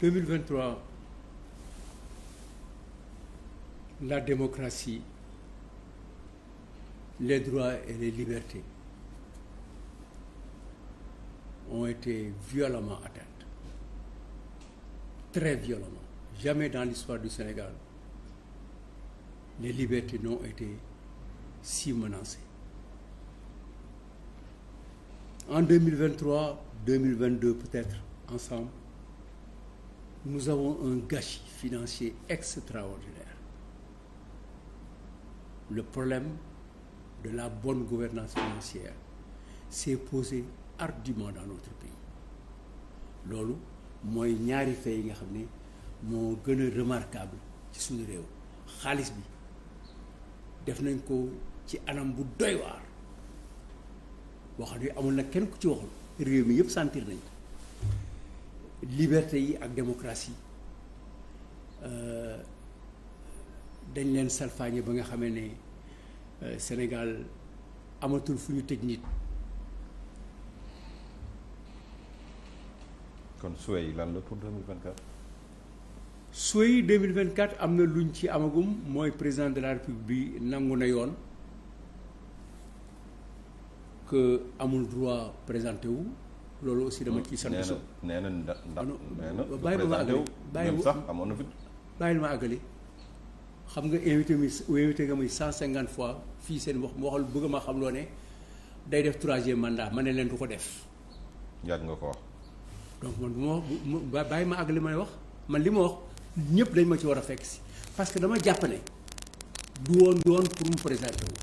2023 la démocratie les droits et les libertés ont été violemment atteintes très violemment jamais dans l'histoire du Sénégal les libertés n'ont été si menacées en 2023 2022 peut-être ensemble nous avons un gâchis financier extraordinaire le problème de la bonne gouvernance financière s'est posé ardument dans notre pays loolu mooy ñaari fait yi nga xam ne moo gën a remarquable ci suñu réew xaalis bi def nañ ko ci anam bu doy waar boo xam ne amul na kenn ku ci waxul réew mi yëpp sentir nañ liberté yi ak démocratie euh, dañ leen salfaañe ba nga xamee ni euh, Sénégal amatul fu ñu tëj nit kon souhait yi lan la pour 2024 souhait yi 2024 am na luñ ci amagum mooy président de la république bi nangu na yoon que amul droit présenté wu loolu aussi dama ci sant su nee na nee na ndax bàyyi ma àggali bàyyi sax amoon na fi bàyyi ma àggali xam nga invité mi invité nga muy cent cinquante fois fii seen wax mu waxal bëgg ma xam loo ne day def troisième mandat ma ne leen du ko def yàgg nga ko wax donc man bu ma bàyyi ma àgg may wax man li ma wax ñëpp dañ ma ci war a fekk si parce que dama jàpp ne du woon du woon pour mu présenter wu